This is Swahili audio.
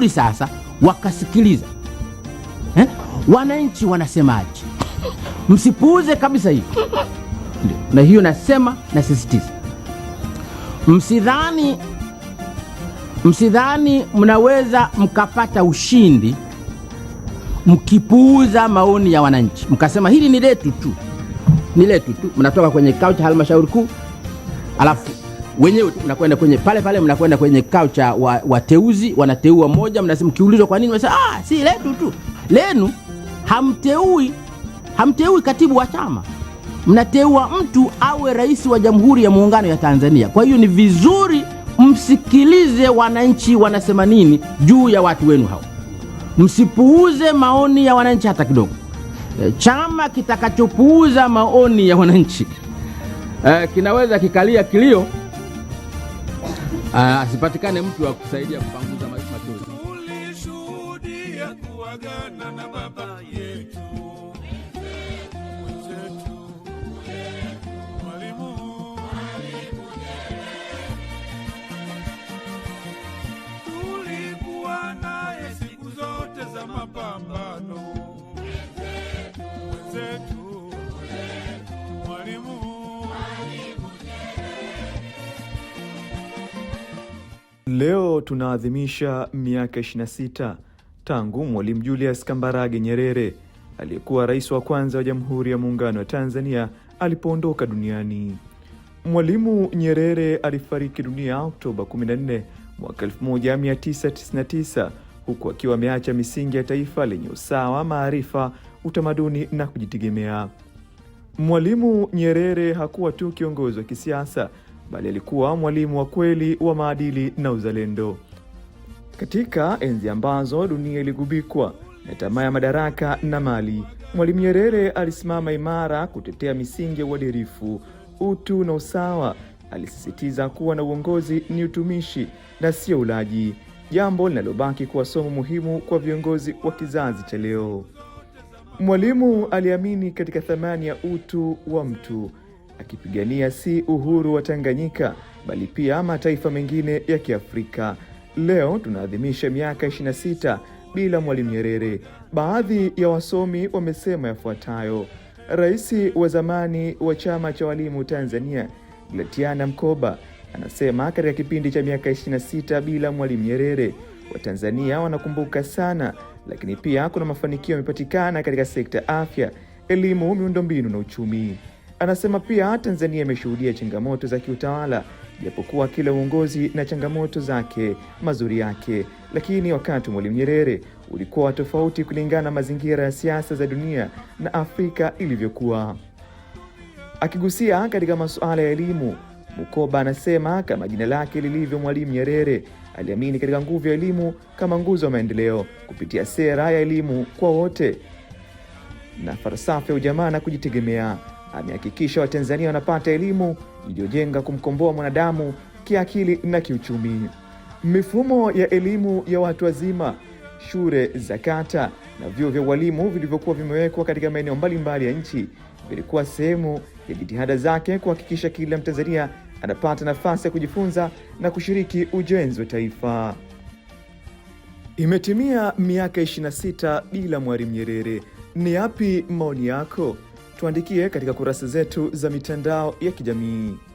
vizuri sasa wakasikiliza eh? Wananchi wanasemaje? Msipuuze kabisa hii na hiyo nasema, nasisitiza, msidhani msidhani mnaweza mkapata ushindi mkipuuza maoni ya wananchi, mkasema hili ni letu tu, ni letu tu. Mnatoka kwenye kikao cha halmashauri kuu alafu wenyewe mnakwenda kwenye pale pale, mnakwenda kwenye kikao cha wateuzi, wa wanateua moja, mkiulizwa kwa nini mnasema ah, si letu tu. Lenu hamteui, hamteui katibu wa chama, mnateua mtu awe rais wa Jamhuri ya Muungano ya Tanzania. Kwa hiyo ni vizuri msikilize wananchi wanasema nini juu ya watu wenu hao, msipuuze maoni ya wananchi hata kidogo. E, chama kitakachopuuza maoni ya wananchi eh, kinaweza kikalia kilio Ah, asipatikane mtu wa kusaidia kupanguza machozi. Tulishuhudia kuagana na baba yetu Leo tunaadhimisha miaka 26 tangu Mwalimu Julius Kambarage Nyerere aliyekuwa rais wa kwanza wa Jamhuri ya Muungano wa Tanzania alipoondoka duniani. Mwalimu Nyerere alifariki dunia Oktoba 14 mwaka 1999 huku akiwa ameacha misingi ya taifa lenye usawa, maarifa, utamaduni na kujitegemea. Mwalimu Nyerere hakuwa tu kiongozi wa kisiasa bali alikuwa mwalimu wa kweli wa maadili na uzalendo. Katika enzi ambazo dunia iligubikwa na tamaa ya madaraka na mali, Mwalimu Nyerere alisimama imara kutetea misingi ya uadilifu, utu na usawa. Alisisitiza kuwa na uongozi ni utumishi na sio ulaji, jambo linalobaki kuwa somo muhimu kwa viongozi wa kizazi cha leo. Mwalimu aliamini katika thamani ya utu wa mtu, akipigania si uhuru wa Tanganyika bali pia mataifa mengine ya Kiafrika. Leo tunaadhimisha miaka 26 bila Mwalimu Nyerere. Baadhi ya wasomi wamesema yafuatayo. Rais wa zamani wa Chama cha Walimu Tanzania, Glatiana Mkoba, anasema katika kipindi cha miaka 26 bila Mwalimu Nyerere, Watanzania wanakumbuka sana, lakini pia kuna mafanikio yamepatikana katika sekta afya, elimu, miundombinu na uchumi. Anasema pia Tanzania imeshuhudia changamoto za kiutawala, japokuwa kila uongozi na changamoto zake mazuri yake, lakini wakati wa Mwalimu Nyerere ulikuwa tofauti kulingana na mazingira ya siasa za dunia na Afrika ilivyokuwa. Akigusia katika masuala ya elimu, Mukoba anasema kama jina lake lilivyo, Mwalimu Nyerere aliamini katika nguvu ya elimu kama nguzo ya maendeleo kupitia sera ya elimu kwa wote na falsafa ya ujamaa na kujitegemea amehakikisha Watanzania wanapata elimu iliyojenga kumkomboa mwanadamu kiakili na kiuchumi. Mifumo ya elimu ya watu wazima, shule za kata na vyuo vya ualimu vilivyokuwa vimewekwa katika maeneo mbalimbali ya nchi vilikuwa sehemu ya jitihada zake kuhakikisha kila Mtanzania anapata nafasi ya kujifunza na kushiriki ujenzi wa taifa. Imetimia miaka 26 bila Mwalimu Nyerere. Ni yapi maoni yako? tuandikie katika kurasa zetu za mitandao ya kijamii.